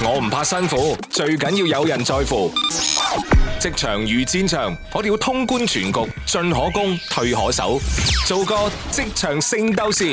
我唔怕辛苦，最緊要有人在乎。職場如戰場，我哋要通觀全局，進可攻，退可守，做個職場聖鬥士。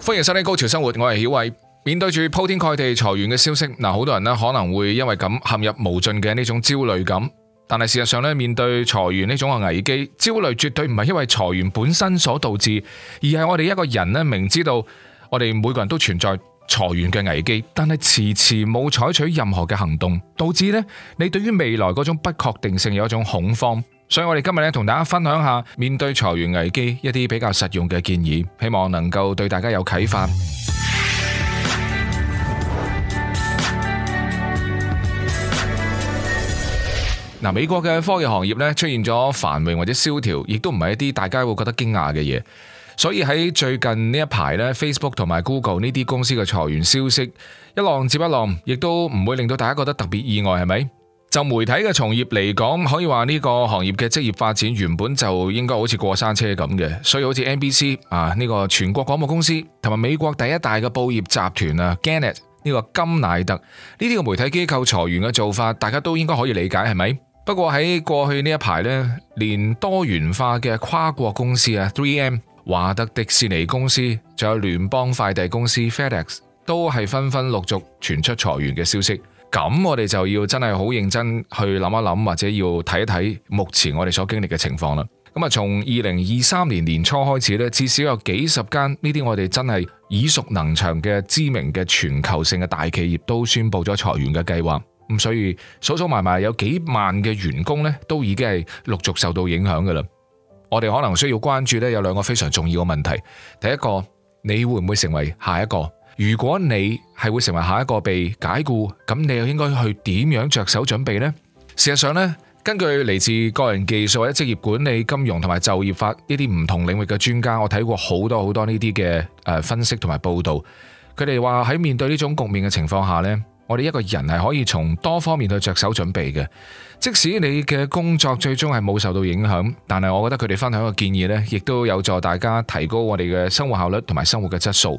歡迎收聽《Go 潮生活》，我係曉偉。面對住鋪天蓋地裁員嘅消息，嗱，好多人咧可能會因為咁陷入無盡嘅呢種焦慮感。但係事實上咧，面對裁員呢種嘅危機，焦慮絕對唔係因為裁員本身所導致，而係我哋一個人咧明知道。我哋每個人都存在裁員嘅危機，但係遲遲冇採取任何嘅行動，導致呢你對於未來嗰種不確定性有一種恐慌。所以我哋今日呢同大家分享下面對裁員危機一啲比較實用嘅建議，希望能夠對大家有啟發。嗱， 美國嘅科技行業呢出現咗繁榮或者蕭條，亦都唔係一啲大家會覺得驚訝嘅嘢。所以喺最近呢一排咧，Facebook 同埋 Google 呢啲公司嘅裁員消息一浪接一浪，亦都唔會令到大家覺得特別意外，係咪？就媒體嘅從業嚟講，可以話呢個行業嘅職業發展原本就應該好似過山車咁嘅。所以好似 NBC 啊，呢個全國廣播公司同埋美國第一大嘅報業集團啊，Gannett 呢個金乃特呢啲個媒體機構裁員嘅做法，大家都應該可以理解，係咪？不過喺過去呢一排咧，連多元化嘅跨國公司啊，Three M。華特迪士尼公司，仲有聯邦快遞公司 FedEx，都係紛紛陸續傳出裁員嘅消息。咁我哋就要真係好認真去諗一諗，或者要睇一睇目前我哋所經歷嘅情況啦。咁啊，從二零二三年年初開始呢，至少有幾十間呢啲我哋真係耳熟能詳嘅知名嘅全球性嘅大企業都宣布咗裁員嘅計劃。咁所以數數埋埋有幾萬嘅員工呢，都已經係陸續受到影響噶啦。我哋可能需要關注咧有兩個非常重要嘅問題。第一個，你會唔會成為下一個？如果你係會成為下一個被解雇，咁你又應該去點樣着手準備呢？事實上呢，根據嚟自個人技術或者職業管理、金融同埋就業法呢啲唔同領域嘅專家，我睇過好多好多呢啲嘅誒分析同埋報道，佢哋話喺面對呢種局面嘅情況下呢。我哋一個人係可以從多方面去着手準備嘅，即使你嘅工作最終係冇受到影響，但係我覺得佢哋分享嘅建議呢，亦都有助大家提高我哋嘅生活效率同埋生活嘅質素。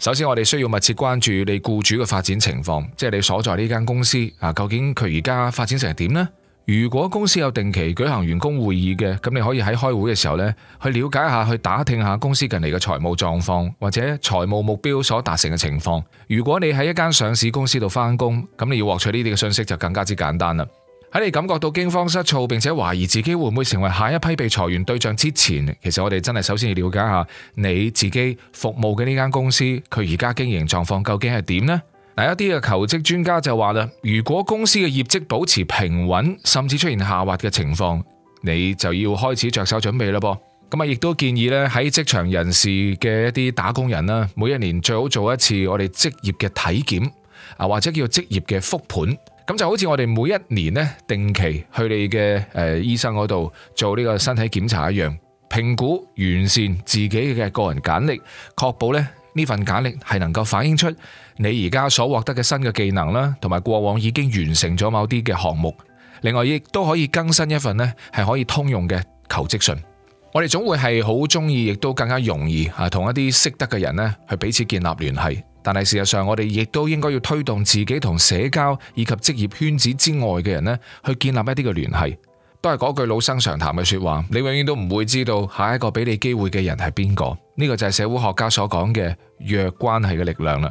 首先，我哋需要密切關注你雇主嘅發展情況，即係你所在呢間公司啊，究竟佢而家發展成點呢？如果公司有定期舉行員工會議嘅，咁你可以喺開會嘅時候呢去了解下，去打聽下公司近嚟嘅財務狀況或者財務目標所達成嘅情況。如果你喺一間上市公司度翻工，咁你要獲取呢啲嘅信息就更加之簡單啦。喺你感覺到驚慌失措，並且懷疑自己會唔會成為下一批被裁員對象之前，其實我哋真係首先要了解下你自己服務嘅呢間公司，佢而家經營狀況究竟係點呢？有一啲嘅求職專家就話啦，如果公司嘅業績保持平穩，甚至出現下滑嘅情況，你就要開始着手準備啦噃。咁啊，亦都建議咧喺職場人士嘅一啲打工人啦，每一年最好做一次我哋職業嘅體檢啊，或者叫職業嘅復盤。咁就好似我哋每一年咧定期去你嘅誒醫生嗰度做呢個身體檢查一樣，評估完善自己嘅個人簡歷，確保咧呢份簡歷係能夠反映出。你而家所獲得嘅新嘅技能啦，同埋過往已經完成咗某啲嘅項目，另外亦都可以更新一份呢係可以通用嘅求職信。我哋總會係好中意，亦都更加容易啊，同一啲識得嘅人呢去彼此建立聯繫。但係事實上，我哋亦都應該要推動自己同社交以及職業圈子之外嘅人呢去建立一啲嘅聯繫。都係嗰句老生常談嘅說話，你永遠都唔會知道下一個俾你機會嘅人係邊個。呢個就係社會學家所講嘅弱關係嘅力量啦。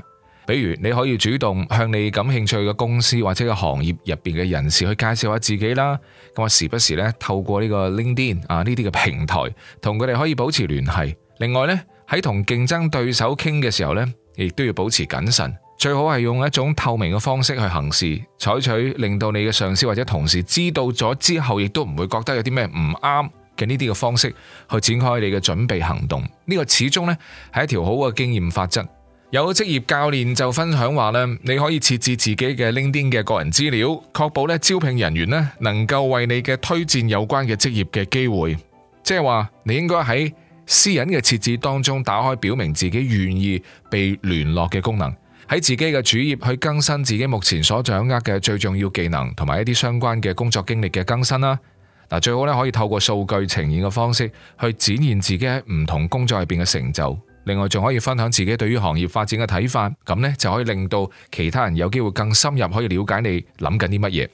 比如你可以主動向你感興趣嘅公司或者個行業入邊嘅人士去介紹下自己啦。咁我時不時呢透過呢個 LinkedIn 啊呢啲嘅平台同佢哋可以保持聯繫。另外呢，喺同競爭對手傾嘅時候呢，亦都要保持謹慎，最好係用一種透明嘅方式去行事，採取令到你嘅上司或者同事知道咗之後，亦都唔會覺得有啲咩唔啱，嘅呢啲嘅方式去展開你嘅準備行動。呢個始終呢係一條好嘅經驗法則。有職業教練就分享話咧,你可以設置自己嘅 LinkedIn 嘅個人資料，確保咧招聘人員呢能夠為你嘅推薦有關嘅職業嘅機會。即係話你應該喺私隱嘅設置當中打開表明自己願意被聯絡嘅功能，喺自己嘅主頁去更新自己目前所掌握嘅最重要技能同埋一啲相關嘅工作經歷嘅更新啦。嗱，最好咧可以透過數據呈現嘅方式去展現自己喺唔同工作入邊嘅成就。另外，仲可以分享自己對於行業發展嘅睇法，咁呢就可以令到其他人有機會更深入可以了解你諗緊啲乜嘢。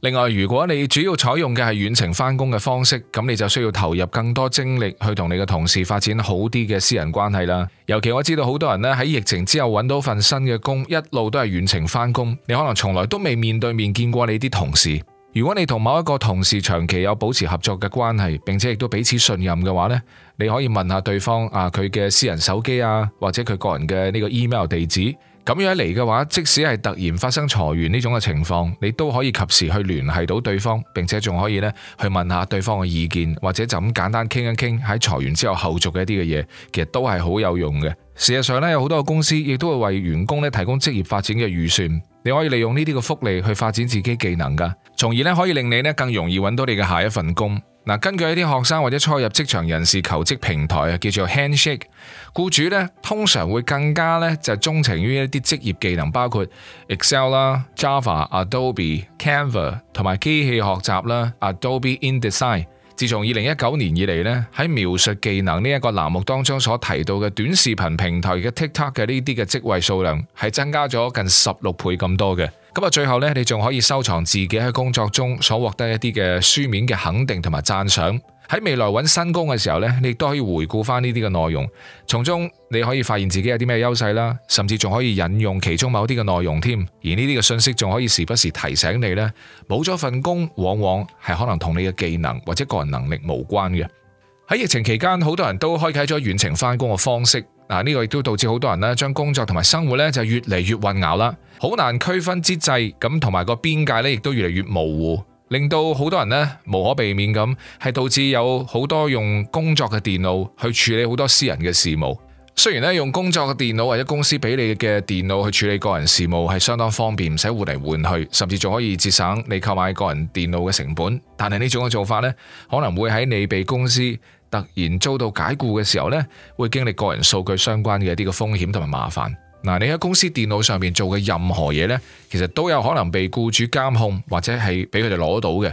另外，如果你主要採用嘅係遠程返工嘅方式，咁你就需要投入更多精力去同你嘅同事發展好啲嘅私人關係啦。尤其我知道好多人呢喺疫情之後揾到份新嘅工，一路都係遠程返工，你可能從來都未面對面見過你啲同事。如果你同某一個同事長期有保持合作嘅關係，並且亦都彼此信任嘅話呢，你可以問下對方啊，佢嘅私人手機啊，或者佢個人嘅呢個 email 地址。咁樣嚟嘅話，即使係突然發生裁員呢種嘅情況，你都可以及時去聯繫到對方，並且仲可以呢去問下對方嘅意見，或者就咁簡單傾一傾喺裁員之後後續嘅一啲嘅嘢，其實都係好有用嘅。事實上呢，有好多公司亦都會為員工呢提供職業發展嘅預算，你可以利用呢啲嘅福利去發展自己技能噶，從而呢可以令你呢更容易揾到你嘅下一份工。嗱，根據一啲學生或者初入職場人士求職平台啊，叫做 Handshake，僱主咧通常會更加咧就鍾情於一啲職業技能，包括 Excel 啦、Java、Adobe、Canva 同埋機器學習啦、Adobe InDesign。Des 自從二零一九年以嚟，咧，喺描述技能呢一個欄目當中所提到嘅短視頻平台嘅 TikTok 嘅呢啲嘅職位數量係增加咗近十六倍咁多嘅。咁啊，最後呢，你仲可以收藏自己喺工作中所獲得一啲嘅書面嘅肯定同埋讚賞。喺未來揾新工嘅時候呢你亦都可以回顧翻呢啲嘅內容，從中你可以發現自己有啲咩優勢啦，甚至仲可以引用其中某啲嘅內容添。而呢啲嘅信息仲可以時不時提醒你呢冇咗份工，往往係可能同你嘅技能或者個人能力無關嘅。喺疫情期間，好多人都開啟咗遠程翻工嘅方式，嗱、這、呢個亦都導致好多人呢將工作同埋生活呢就越嚟越混淆啦，好難區分之際，咁同埋個邊界呢亦都越嚟越模糊。令到好多人呢無可避免咁，係導致有好多用工作嘅電腦去處理好多私人嘅事務。雖然呢，用工作嘅電腦或者公司俾你嘅電腦去處理個人事務係相當方便，唔使換嚟換去，甚至仲可以節省你購買個人電腦嘅成本。但係呢種嘅做法呢，可能會喺你被公司突然遭到解雇嘅時候呢，會經歷個人數據相關嘅一啲嘅風險同埋麻煩。嗱，你喺公司電腦上面做嘅任何嘢呢，其實都有可能被雇主監控或者係俾佢哋攞到嘅。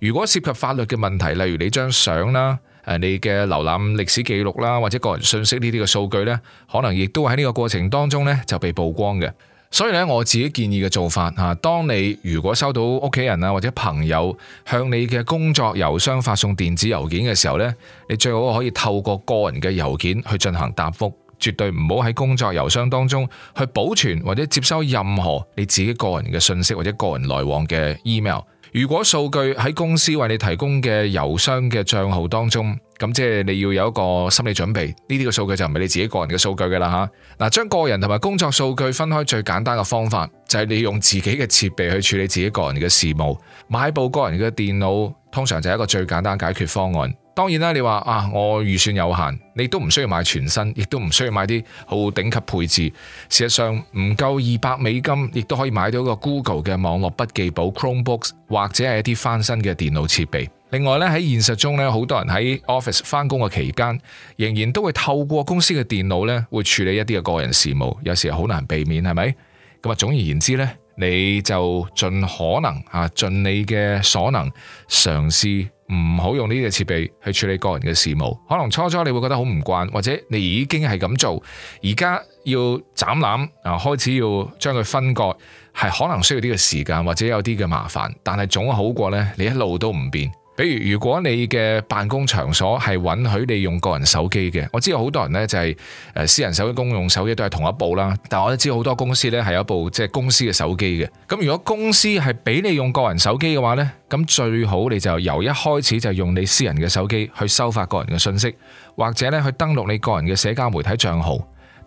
如果涉及法律嘅問題，例如你張相啦，誒你嘅瀏覽歷史記錄啦，或者個人信息呢啲嘅數據呢，可能亦都喺呢個過程當中呢就被曝光嘅。所以呢，我自己建議嘅做法吓，當你如果收到屋企人啊或者朋友向你嘅工作郵箱發送電子郵件嘅時候呢，你最好可以透過個人嘅郵件去進行答覆。絕對唔好喺工作郵箱當中去保存或者接收任何你自己個人嘅信息，或者個人來往嘅 email。如果數據喺公司為你提供嘅郵箱嘅賬號當中，咁即係你要有一個心理準備，呢啲嘅數據就唔係你自己個人嘅數據噶啦吓。嗱，將個人同埋工作數據分開最簡單嘅方法就係你用自己嘅設備去處理自己個人嘅事務，買部個人嘅電腦通常就係一個最簡單解決方案。當然啦，你話啊，我預算有限，你都唔需要買全新，亦都唔需要買啲好頂級配置。事實上，唔夠二百美金，亦都可以買到個 Google 嘅網絡筆記簿 Chromebooks，或者係一啲翻新嘅電腦設備。另外咧，喺現實中咧，好多人喺 office 翻工嘅期間，仍然都會透過公司嘅電腦咧，會處理一啲嘅個人事務，有時好難避免，係咪？咁啊，總而言之咧，你就盡可能啊，盡你嘅所能，嘗試。唔好用呢個設備去處理個人嘅事務，可能初初你會覺得好唔慣，或者你已經係咁做，而家要斬纜啊，開始要將佢分割，係可能需要啲嘅時間，或者有啲嘅麻煩，但係總好過呢，你一路都唔變。比如如果你嘅辦公場所係允許你用個人手機嘅，我知道好多人咧，就係誒私人手機公用手機都係同一部啦，但我都知好多公司咧，係有一部即係公司嘅手機嘅。咁如果公司係俾你用個人手機嘅話咧，咁最好你就由一開始就用你私人嘅手機去收發個人嘅信息，或者咧去登錄你個人嘅社交媒體賬號。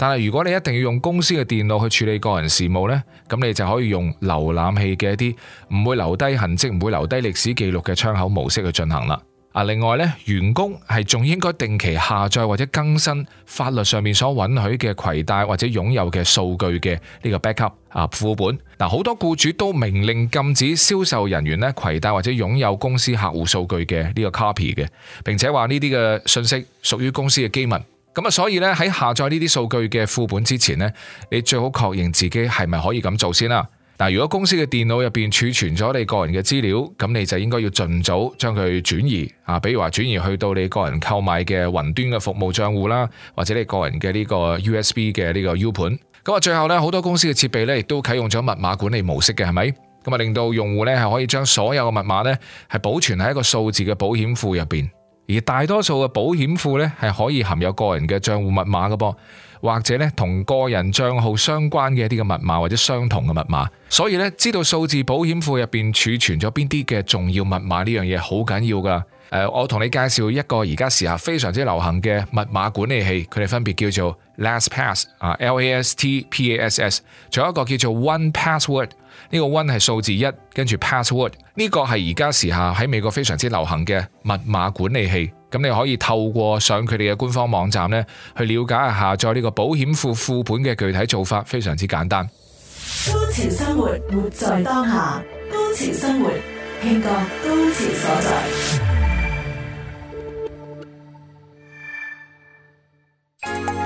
但係如果你一定要用公司嘅電腦去處理個人事務呢，咁你就可以用瀏覽器嘅一啲唔會留低痕跡、唔會留低歷史記錄嘅窗口模式去進行啦。啊，另外咧，員工係仲應該定期下載或者更新法律上面所允許嘅攜帶或者擁有嘅數據嘅呢個 backup 啊副本。嗱，好多雇主都明令禁止銷售人員咧攜帶或者擁有公司客戶數據嘅呢個 copy 嘅，並且話呢啲嘅信息屬於公司嘅機密。咁啊，所以咧喺下載呢啲數據嘅副本之前咧，你最好確認自己係咪可以咁做先啦。嗱，如果公司嘅電腦入邊儲存咗你個人嘅資料，咁你就應該要盡早將佢轉移啊。比如話轉移去到你個人購買嘅雲端嘅服務賬戶啦，或者你個人嘅呢個 USB 嘅呢個 U 盤。咁啊，最後咧好多公司嘅設備咧亦都啟用咗密碼管理模式嘅，係咪？咁啊，令到用戶咧係可以將所有嘅密碼咧係保存喺一個數字嘅保險庫入邊。而大多數嘅保險庫咧，係可以含有個人嘅帳戶密碼嘅噃，或者咧同個人帳號相關嘅一啲嘅密碼，或者相同嘅密碼。所以咧，知道數字保險庫入邊儲存咗邊啲嘅重要密碼呢樣嘢，好緊要噶。誒、呃，我同你介紹一個而家時下非常之流行嘅密碼管理器，佢哋分別叫做 LastPass 啊，L A S T P A S S，仲有一個叫做 OnePassword。呢個 one 係數字一，跟住 password 呢個係而家時下喺美國非常之流行嘅密碼管理器，咁你可以透過上佢哋嘅官方網站呢，去了解一下，下載呢個保險庫副本嘅具體做法，非常之簡單。Go 潮生活，活在當下；Go 潮生活，聽覺高潮所在。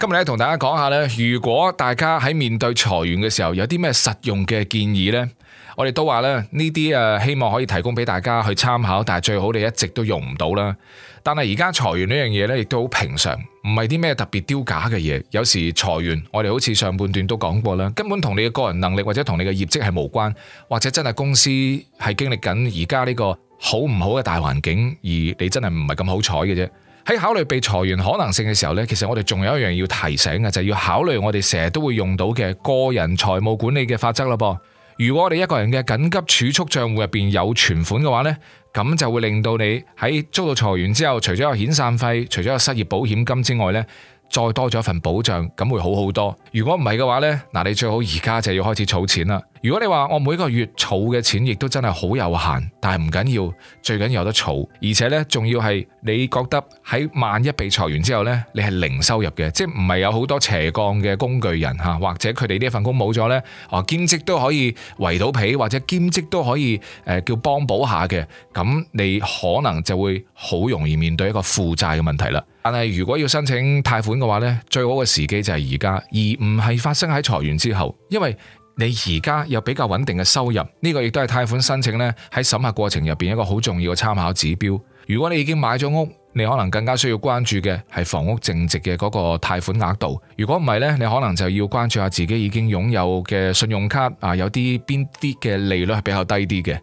今日咧同大家講下咧，如果大家喺面對裁員嘅時候有啲咩實用嘅建議呢？我哋都話咧呢啲誒，希望可以提供俾大家去參考，但係最好你一直都用唔到啦。但係而家裁員呢樣嘢咧，亦都好平常，唔係啲咩特別丟架嘅嘢。有時裁員，我哋好似上半段都講過啦，根本同你嘅個人能力或者同你嘅業績係無關，或者真係公司係經歷緊而家呢個好唔好嘅大環境，而你真係唔係咁好彩嘅啫。喺考慮被裁員可能性嘅時候呢，其實我哋仲有一樣要提醒嘅，就係要考慮我哋成日都會用到嘅個人財務管理嘅法則咯噃。如果我哋一個人嘅緊急儲蓄賬戶入邊有存款嘅話呢，咁就會令到你喺遭到裁員之後，除咗有遣散費，除咗有失業保險金之外呢，再多咗一份保障，咁會好好多。如果唔係嘅話呢，嗱，你最好而家就要開始儲錢啦。如果你話我每個月儲嘅錢亦都真係好有限，但係唔緊要，最緊有得儲，而且呢，仲要係你覺得喺萬一被裁員之後呢，你係零收入嘅，即係唔係有好多斜槓嘅工具人吓，或者佢哋呢份工冇咗呢，啊兼職都可以圍到皮，或者兼職都可以誒、呃、叫幫補下嘅，咁你可能就會好容易面對一個負債嘅問題啦。但係如果要申請貸款嘅話呢，最好嘅時機就係而家，而唔係發生喺裁員之後，因為，你而家有比較穩定嘅收入，呢個亦都係貸款申請呢喺審核過程入邊一個好重要嘅參考指標。如果你已經買咗屋，你可能更加需要關注嘅係房屋淨值嘅嗰個貸款額度。如果唔係呢，你可能就要關注下自己已經擁有嘅信用卡啊，有啲邊啲嘅利率係比較低啲嘅。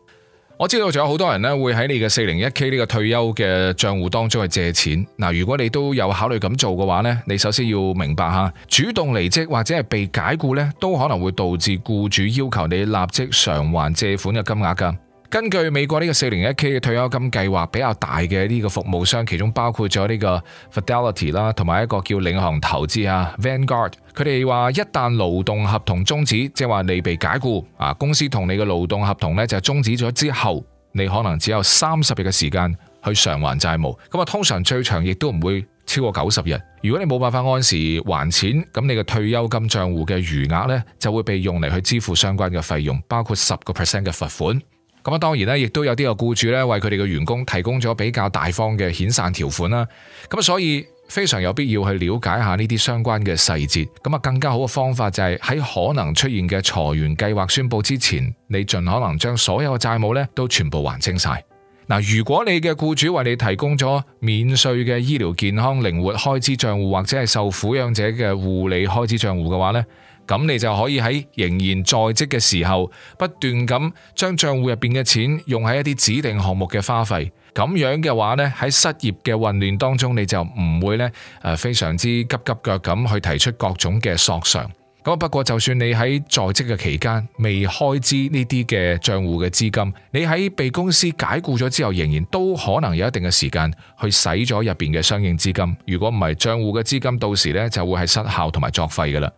我知道仲有好多人咧，會喺你嘅 401K 呢個退休嘅賬戶當中去借錢。嗱，如果你都有考慮咁做嘅話呢，你首先要明白吓，主動離職或者係被解雇呢，都可能會導致僱主要求你立即償還借款嘅金額㗎。根據美國呢個四零一 K 嘅退休金計劃，比較大嘅呢個服務商，其中包括咗呢個 Fidelity 啦，同埋一個叫領航投資啊，Vanguard。佢哋話一旦勞動合同終止，即係話你被解僱啊，公司同你嘅勞動合同呢就終止咗之後，你可能只有三十日嘅時間去償還債務。咁啊，通常最長亦都唔會超過九十日。如果你冇辦法按時還錢，咁你嘅退休金賬戶嘅餘額呢，就會被用嚟去支付相關嘅費用，包括十個 percent 嘅罰款。咁啊，當然啦，亦都有啲個僱主咧，為佢哋嘅員工提供咗比較大方嘅遣散條款啦。咁啊，所以非常有必要去了解下呢啲相關嘅細節。咁啊，更加好嘅方法就係喺可能出現嘅裁員計劃宣佈之前，你盡可能將所有嘅債務咧都全部還清晒。嗱，如果你嘅僱主為你提供咗免稅嘅醫療健康靈活開支帳戶或者係受撫養者嘅護理開支帳戶嘅話呢。咁你就可以喺仍然在職嘅時候，不斷咁將賬戶入邊嘅錢用喺一啲指定項目嘅花費。咁樣嘅話呢，喺失業嘅混亂當中，你就唔會呢誒非常之急急腳咁去提出各種嘅索償。咁不過就算你喺在職嘅期間未開支呢啲嘅賬戶嘅資金，你喺被公司解僱咗之後，仍然都可能有一定嘅時間去使咗入邊嘅相應資金。如果唔係，賬戶嘅資金到時呢就會係失效同埋作廢噶啦。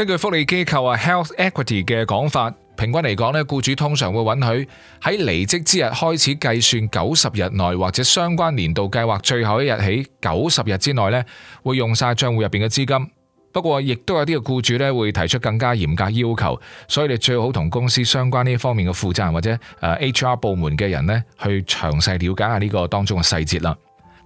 根據福利機構啊 Health Equity 嘅講法，平均嚟講咧，雇主通常會允許喺離職之日開始計算九十日內，或者相關年度計劃最後一日起九十日之內呢會用晒賬戶入邊嘅資金。不過，亦都有啲嘅雇主呢會提出更加嚴格要求，所以你最好同公司相關呢方面嘅負責人或者誒 HR 部門嘅人呢去詳細了解下呢個當中嘅細節啦。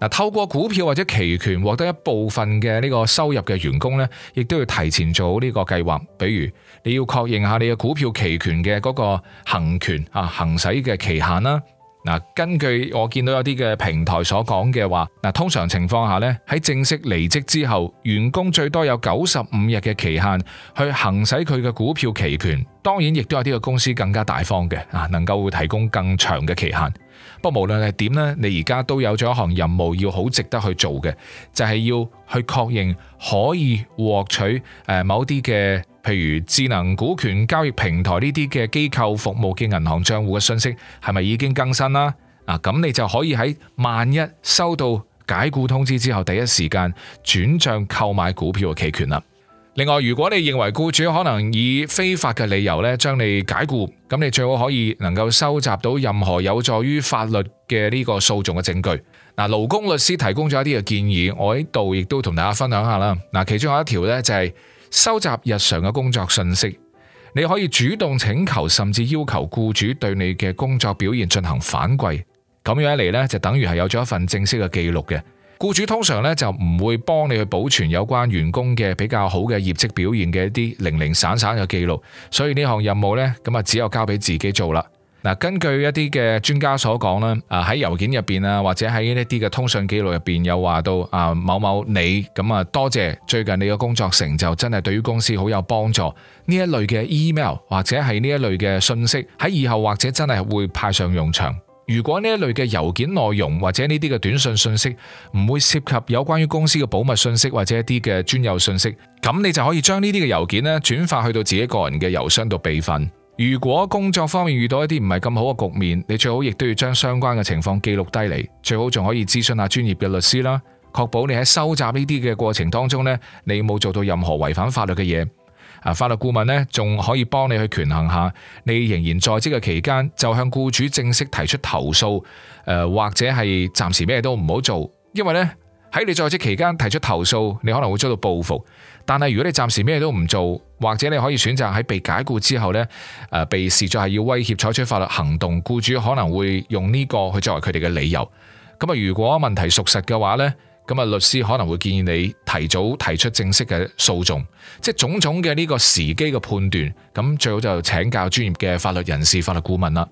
嗱，透過股票或者期權獲得一部分嘅呢個收入嘅員工呢，亦都要提前做好呢個計劃。比如你要確認下你嘅股票期權嘅嗰個行權啊、行使嘅期限啦。嗱、啊，根據我見到有啲嘅平台所講嘅話，嗱、啊，通常情況下呢，喺正式離職之後，員工最多有九十五日嘅期限去行使佢嘅股票期權。當然，亦都有啲個公司更加大方嘅啊，能夠會提供更長嘅期限。不過無論係點呢，你而家都有咗一項任務要好值得去做嘅，就係、是、要去確認可以獲取誒某啲嘅，譬如智能股權交易平台呢啲嘅機構服務嘅銀行賬戶嘅信息係咪已經更新啦？啊，咁你就可以喺萬一收到解雇通知之後，第一時間轉賬購買股票嘅期權啦。另外，如果你認為雇主可能以非法嘅理由咧將你解雇，咁你最好可以能夠收集到任何有助於法律嘅呢個訴訟嘅證據。嗱，勞工律師提供咗一啲嘅建議，我喺度亦都同大家分享下啦。嗱，其中有一條呢、就是，就係收集日常嘅工作信息，你可以主動請求甚至要求雇主對你嘅工作表現進行反饋，咁樣一嚟呢，就等於係有咗一份正式嘅記錄嘅。僱主通常咧就唔會幫你去保存有關員工嘅比較好嘅業績表現嘅一啲零零散散嘅記錄，所以呢項任務呢，咁啊只有交俾自己做啦。嗱，根據一啲嘅專家所講啦，啊喺郵件入邊啊或者喺一啲嘅通訊記錄入邊有話到啊某某你，咁啊多謝最近你嘅工作成就真係對於公司好有幫助，呢一類嘅 email 或者係呢一類嘅信息喺以後或者真係會派上用場。如果呢一類嘅郵件內容或者呢啲嘅短信信息唔會涉及有關於公司嘅保密信息或者一啲嘅專有信息，咁你就可以將呢啲嘅郵件咧轉發去到自己個人嘅郵箱度備份。如果工作方面遇到一啲唔係咁好嘅局面，你最好亦都要將相關嘅情況記錄低嚟，最好仲可以諮詢下專業嘅律師啦，確保你喺收集呢啲嘅過程當中咧，你冇做到任何違反法律嘅嘢。啊，法律顧問咧，仲可以幫你去權衡下，你仍然在職嘅期間，就向雇主正式提出投訴。誒、呃，或者係暫時咩都唔好做，因為咧喺你在職期間提出投訴，你可能會遭到報復。但係如果你暫時咩都唔做，或者你可以選擇喺被解雇之後咧，誒、呃、被視作係要威脅採取法律行動，雇主可能會用呢個去作為佢哋嘅理由。咁啊，如果問題屬實嘅話咧。咁啊，律師可能會建議你提早提出正式嘅訴訟，即係種種嘅呢個時機嘅判斷，咁最好就請教專業嘅法律人士、法律顧問啦。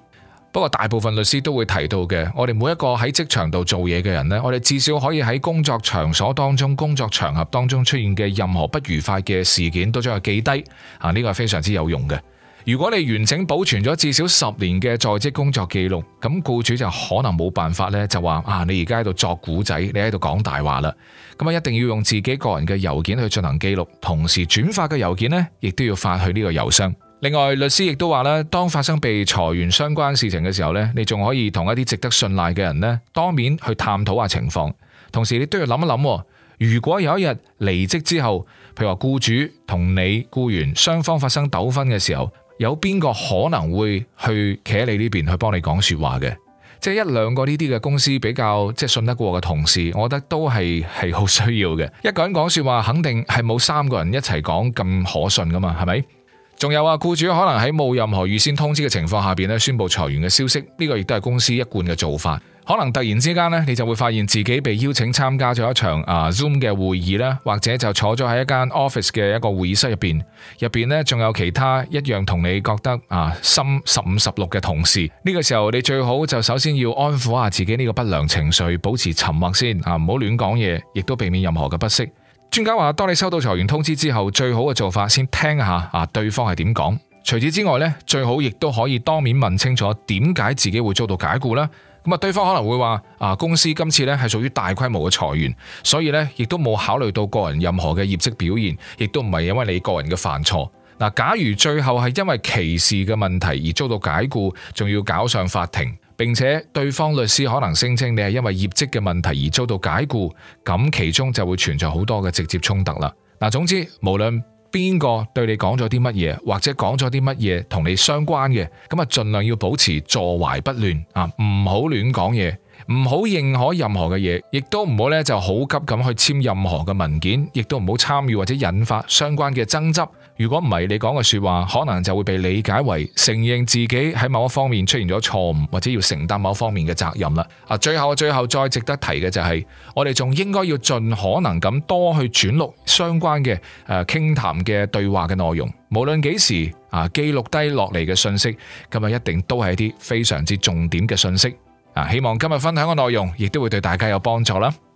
不過大部分律師都會提到嘅，我哋每一個喺職場度做嘢嘅人咧，我哋至少可以喺工作場所當中、工作場合當中出現嘅任何不愉快嘅事件，都將佢記低。啊，呢個係非常之有用嘅。如果你完整保存咗至少十年嘅在職工作記錄，咁僱主就可能冇辦法咧，就話啊，你而家喺度作古仔，你喺度講大話啦。咁啊，一定要用自己個人嘅郵件去進行記錄，同時轉發嘅郵件咧，亦都要發去呢個郵箱。另外，律師亦都話咧，當發生被裁員相關事情嘅時候咧，你仲可以同一啲值得信賴嘅人咧，當面去探討下情況。同時，你都要諗一諗，如果有一日離職之後，譬如話僱主同你僱員雙方發生糾紛嘅時候。有邊個可能會去企喺你呢邊去幫你講說話嘅？即係一兩個呢啲嘅公司比較即係信得過嘅同事，我覺得都係係好需要嘅。一個人講說話肯定係冇三個人一齊講咁可信噶嘛，係咪？仲有啊，僱主可能喺冇任何預先通知嘅情況下邊咧宣布裁員嘅消息，呢個亦都係公司一貫嘅做法。可能突然之間咧，你就會發現自己被邀請參加咗一場啊 Zoom 嘅會議咧，或者就坐咗喺一間 office 嘅一個會議室入邊，入邊咧仲有其他一樣同你覺得啊心十五十六嘅同事。呢個時候你最好就首先要安撫下自己呢個不良情緒，保持沉默先啊，唔好亂講嘢，亦都避免任何嘅不適。專家話，當你收到裁員通知之後，最好嘅做法先聽下啊，對方係點講。除此之外咧，最好亦都可以當面問清楚點解自己會遭到解雇啦。咁啊，對方可能會話：啊，公司今次呢係屬於大規模嘅裁員，所以呢亦都冇考慮到個人任何嘅業績表現，亦都唔係因為你個人嘅犯錯。嗱，假如最後係因為歧視嘅問題而遭到解雇，仲要搞上法庭，並且對方律師可能聲稱你係因為業績嘅問題而遭到解雇，咁其中就會存在好多嘅直接衝突啦。嗱，總之無論，邊個對你講咗啲乜嘢，或者講咗啲乜嘢同你相關嘅，咁啊盡量要保持坐懷不亂啊，唔好亂講嘢，唔好認可任何嘅嘢，亦都唔好咧就好急咁去簽任何嘅文件，亦都唔好參與或者引發相關嘅爭執。如果唔係，你講嘅說話可能就會被理解為承認自己喺某一方面出現咗錯誤，或者要承擔某方面嘅責任啦。啊，最後最後，再值得提嘅就係，我哋仲應該要盡可能咁多去轉錄相關嘅誒傾談嘅對話嘅內容，無論幾時啊記錄低落嚟嘅信息，今日一定都係一啲非常之重點嘅信息。啊，希望今日分享嘅內容亦都會對大家有幫助啦。